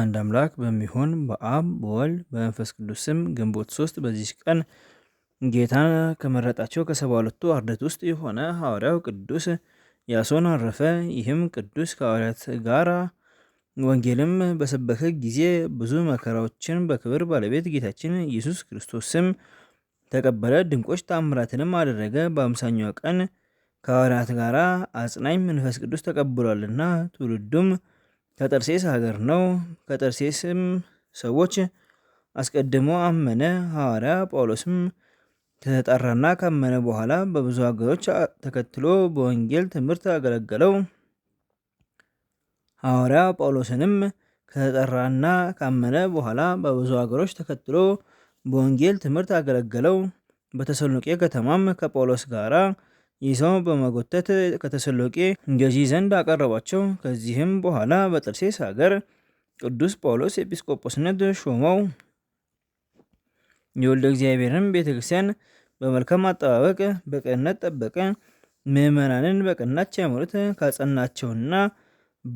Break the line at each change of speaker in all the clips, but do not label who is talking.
አንድ አምላክ በሚሆን በአብ በወልድ በመንፈስ ቅዱስ ስም ግንቦት ሶስት በዚህ ቀን ጌታን ከመረጣቸው ከሰባ ሁለቱ አርድእት ውስጥ የሆነ ሐዋርያው ቅዱስ ያሶን አረፈ። ይህም ቅዱስ ከሐዋርያት ጋር ወንጌልም በሰበከ ጊዜ ብዙ መከራዎችን በክብር ባለቤት ጌታችን ኢየሱስ ክርስቶስ ስም ተቀበለ። ድንቆች ተአምራትንም አደረገ። በአምሳኛው ቀን ከሐዋርያት ጋር አጽናኝ መንፈስ ቅዱስ ተቀብሏልና ትውልዱም ከጠርሴስ ሀገር ነው። ከጠርሴስም ሰዎች አስቀድሞ አመነ። ሐዋርያ ጳውሎስም ከተጠራና ካመነ በኋላ በብዙ ሀገሮች ተከትሎ በወንጌል ትምህርት አገለገለው። ሐዋርያ ጳውሎስንም ከተጠራና ካመነ በኋላ በብዙ ሀገሮች ተከትሎ በወንጌል ትምህርት አገለገለው። በተሰሎቄ ከተማም ከጳውሎስ ጋራ ሰው በመጎተት ከተሰሎቄ ገዢ ዘንድ አቀረቧቸው። ከዚህም በኋላ በጥርሴስ ሀገር ቅዱስ ጳውሎስ ኤጲስቆጶስነት ሾመው። የወልደ እግዚአብሔርን ቤተ ክርስቲያን በመልካም አጠባበቅ በቅንነት ጠበቀ። ምዕመናንን በቀናች ሃይማኖት ካጸናቸውና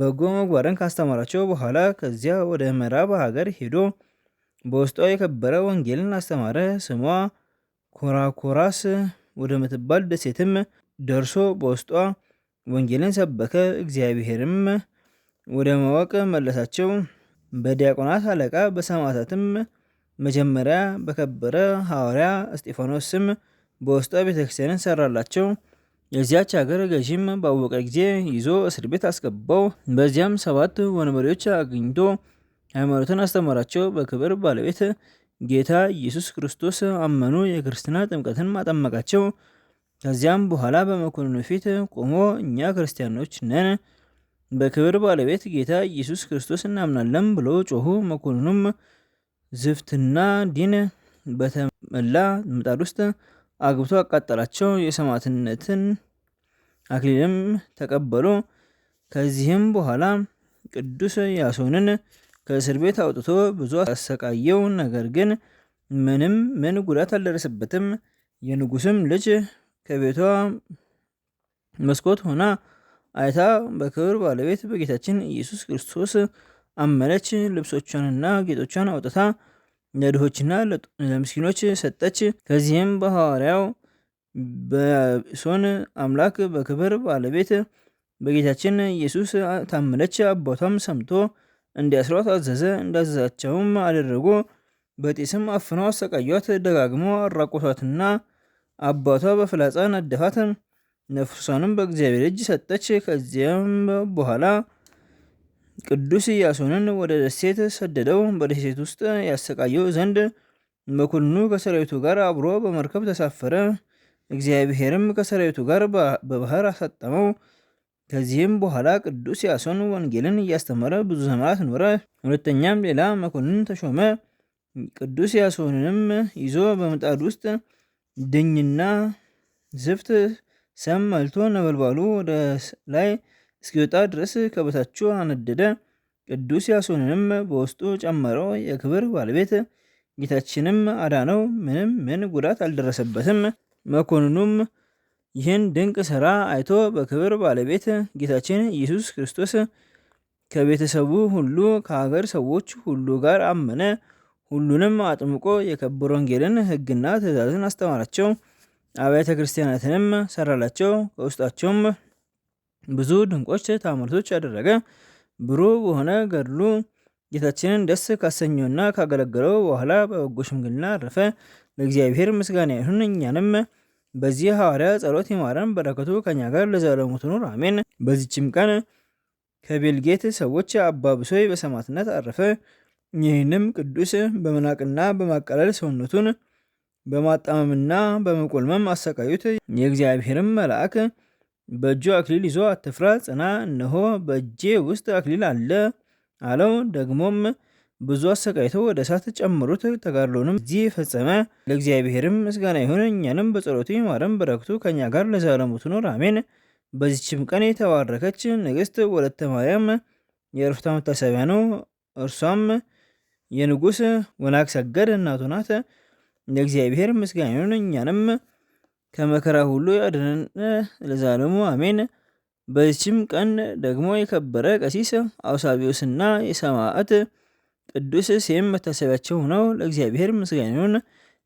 በጎ መግባርን ካስተማራቸው በኋላ ከዚያ ወደ ምዕራብ ሀገር ሄዶ በውስጧ የከበረ ወንጌልን አስተማረ። ስሟ ኮራኮራስ ወደምትባል ደሴትም ደርሶ በውስጧ ወንጌልን ሰበከ፣ እግዚአብሔርም ወደ ማወቅ መለሳቸው። በዲያቆናት አለቃ በሰማዕታትም መጀመሪያ በከበረ ሐዋርያ እስጢፋኖስ ስም በውስጧ ቤተክርስቲያንን ሰራላቸው። የዚያች ሀገር ገዢም ባወቀ ጊዜ ይዞ እስር ቤት አስገባው። በዚያም ሰባት ወንበዴዎች አግኝቶ ሃይማኖትን አስተማራቸው። በክብር ባለቤት ጌታ ኢየሱስ ክርስቶስ አመኑ። የክርስትና ጥምቀትን አጠመቃቸው። ከዚያም በኋላ በመኮንኑ ፊት ቆሞ እኛ ክርስቲያኖች ነን፣ በክብር ባለቤት ጌታ ኢየሱስ ክርስቶስ እናምናለን ብለው ጮሁ። መኮንኑም ዝፍትና ዲን በተመላ ምጣድ ውስጥ አግብቶ አቃጠላቸው። የሰማዕትነትን አክሊልም ተቀበሉ። ከዚህም በኋላ ቅዱስ ያሶንን ከእስር ቤት አውጥቶ ብዙ አሰቃየው። ነገር ግን ምንም ምን ጉዳት አልደረሰበትም። የንጉስም ልጅ ከቤቷ መስኮት ሆና አይታ በክብር ባለቤት በጌታችን ኢየሱስ ክርስቶስ አመነች። ልብሶቿንና ጌጦቿን አውጥታ ለድሆችና ለምስኪኖች ሰጠች። ከዚህም በሐዋርያው በሶን አምላክ በክብር ባለቤት በጌታችን ኢየሱስ ታመነች። አባቷም ሰምቶ እንዲያስሯት አዘዘ። እንዳዘዛቸውም አደረጉ። በጢስም አፍነው አሰቃዩት። ደጋግሞ አራቆቷትና አባቷ በፍላጻ ነደፋት። ነፍሷንም በእግዚአብሔር እጅ ሰጠች። ከዚያም በኋላ ቅዱስ ኢያሱንን ወደ ደሴት ሰደደው። በደሴት ውስጥ ያሰቃየው ዘንድ መኮንኑ ከሰራዊቱ ጋር አብሮ በመርከብ ተሳፈረ። እግዚአብሔርም ከሰራዊቱ ጋር በባህር አሳጠመው። ከዚህም በኋላ ቅዱስ ያሶን ወንጌልን እያስተማረ ብዙ ዘመናት ኖረ። ሁለተኛም ሌላ መኮንን ተሾመ። ቅዱስ ያሶንንም ይዞ በምጣድ ውስጥ ድኝና ዝፍት ሰም አልቶ ነበልባሉ ወደ ላይ እስኪወጣ ድረስ ከበታቹ አነደደ። ቅዱስ ያሶንንም በውስጡ ጨመረው። የክብር ባለቤት ጌታችንም አዳነው። ምንም ምን ጉዳት አልደረሰበትም። መኮንኑም ይህን ድንቅ ሥራ አይቶ በክብር ባለቤት ጌታችን ኢየሱስ ክርስቶስ ከቤተሰቡ ሁሉ ከሀገር ሰዎች ሁሉ ጋር አመነ። ሁሉንም አጥምቆ የከበረ ወንጌልን ሕግና ትእዛዝን አስተማራቸው። አብያተ ክርስቲያናትንም ሰራላቸው። ከውስጣቸውም ብዙ ድንቆች ታምርቶች አደረገ። ብሩህ በሆነ ገድሉ ጌታችንን ደስ ካሰኘውና ካገለገለው በኋላ በበጎ ሽምግልና አረፈ። ለእግዚአብሔር ምስጋና ይሁን እኛንም በዚህ ሐዋርያ ጸሎት ይማረን፣ በረከቱ ከኛ ጋር ለዘለሙ ትኑር አሜን። በዚችም ቀን ከቤልጌት ሰዎች አባ ብሶይ በሰማዕትነት አረፈ። ይህንም ቅዱስ በመናቅና በማቀለል ሰውነቱን በማጣመምና በመቆልመም አሰቃዩት። የእግዚአብሔርም መልአክ በእጁ አክሊል ይዞ አትፍራ፣ ጽና፣ እነሆ በእጄ ውስጥ አክሊል አለ አለው። ደግሞም ብዙ አሰቃይቶ ወደ እሳት ጨምሩት። ተጋድሎንም እዚህ የፈጸመ ለእግዚአብሔርም ምስጋና ይሁን፣ እኛንም በጸሎቱ ይማረን፣ በረከቱ ከእኛ ጋር ለዘላለሙ ትኖር አሜን። በዚችም ቀን የተባረከች ንግሥት ወለተ ማርያም የዕረፍቷ መታሰቢያ ነው። እርሷም የንጉሥ ወናግ ሰገድ እናቱ ናት። ለእግዚአብሔር ምስጋና ይሁን፣ እኛንም ከመከራ ሁሉ ያድነን ለዘላለሙ አሜን። በዚችም ቀን ደግሞ የከበረ ቀሲስ አውሳቢዎስና የሰማዕት ቅዱስ ቅዱስስ መታሰቢያቸው ሆነው ለእግዚአብሔር ምስጋና ይሁን።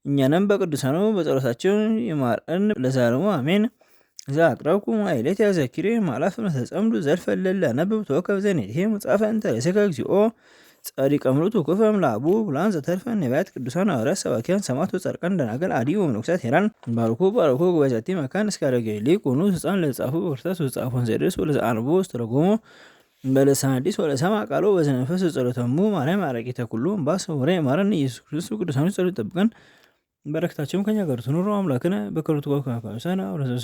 እኛንም በቅዱሳኑ በጸሎታችን ይማረን ለዘላለሙ አሜን። እዛ አቅረብኩ አይሌት ያዘኪሬ ማላፍ መተጸምዱ ዘልፈ ለላ ነብብ ተወከብ ዘኔሄ መጽሐፈ እንተለሴከ እግዚኦ ጸዲቀ ምሉቱ ክፍም ላቡ ብላን ዘተርፈ ነቢያት ቅዱሳን ሐዋርያት ሰባኪያን ሰማዕት ወጻድቃን ደናግል አዲ ወምንኩሳት ሄራን ባርኩ ባርኩ ጉባኤ መካን እስካረገ ሊቁኑ ህፃን ለተጻፉ በርታት ወጻፎን ዘደርስ ወለዘአንቦ ስተረጎሞ በልሳነ ሐዲስ ወለሰማ ቃሎ በዘነፈስ ጸሎተሙ ማርያም አረቂተ ኩሉ እምባሰ ወሬ ማረን ኢየሱስ ክርስቶስ ቅዱሳኑ ጸሎት ጠብቀን በረከታቸውም ከኛ ጋር ትኑሩ። አምላክነ በከሩት ጓ ከመፋሰነ